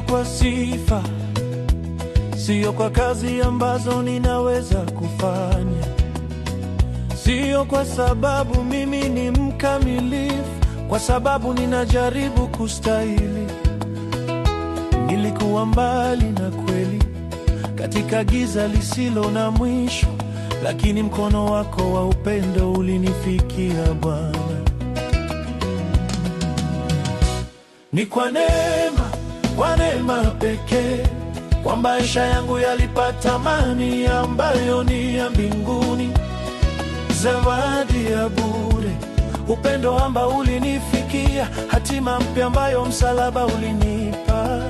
kwa sifa, sio kwa kazi ambazo ninaweza kufanya, sio kwa sababu mimi ni mkamilifu, kwa sababu ninajaribu kustahili. Nilikuwa mbali na kweli, katika giza lisilo na mwisho, lakini mkono wako wa upendo ulinifikia Bwana, ni kwa neema kwa neema pekee, kwa maisha yangu yalipata amani ambayo ni ya mbinguni, zawadi ya bure, upendo ambao ulinifikia, hatima mpya ambayo msalaba ulinipa.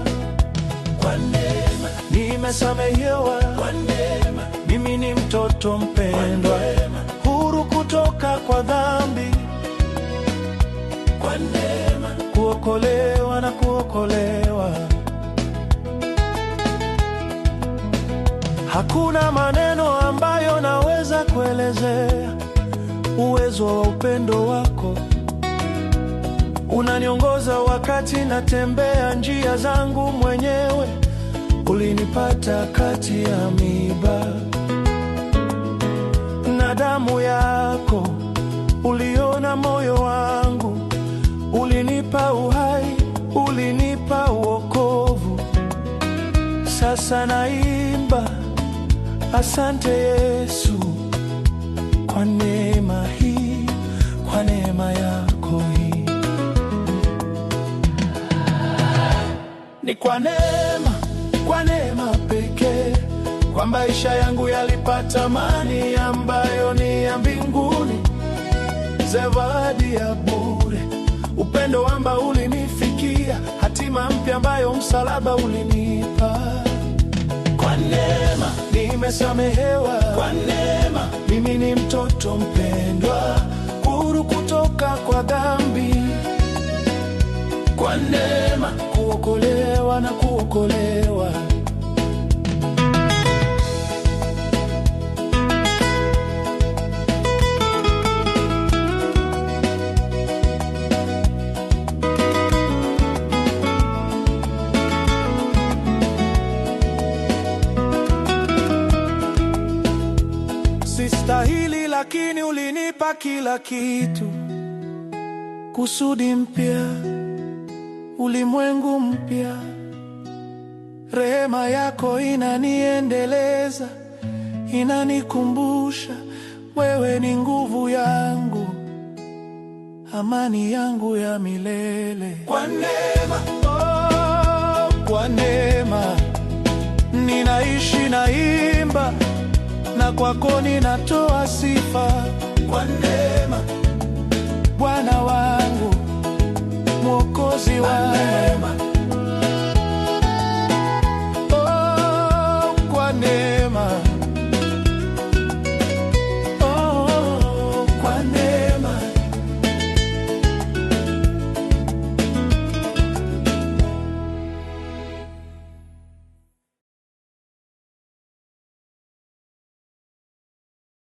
Kwa neema nimesamehewa, kwa neema mimi ni mtoto mpendwa, huru kutoka kwa dhambi. Hakuna maneno ambayo naweza kuelezea uwezo wa upendo wako. Unaniongoza wakati natembea njia zangu mwenyewe, ulinipata kati ya miba na damu yako uliona moyo wangu, ulinipa uhai, ulinipa uokovu. Sasa naimba Asante Yesu kwa neema hii, kwa neema yako hii. Ni kwa neema, kwa neema pekee kwa maisha yangu yalipata amani ambayo ni ya mbinguni, zawadi ya bure, upendo ambao ulinifikia, hatima mpya ambayo msalaba ulinipa nimesamehewa kwa neema, mimi ni mtoto mpendwa, huru kutoka kwa dhambi kwa neema, kuokolewa na kuokolewa lakini ulinipa kila kitu, kusudi mpya, ulimwengu mpya. Rehema yako inaniendeleza, inanikumbusha wewe ni nguvu yangu, amani yangu ya milele. Kwa neema, oh, kwa neema ninaishi, naimba kwako ninatoa sifa.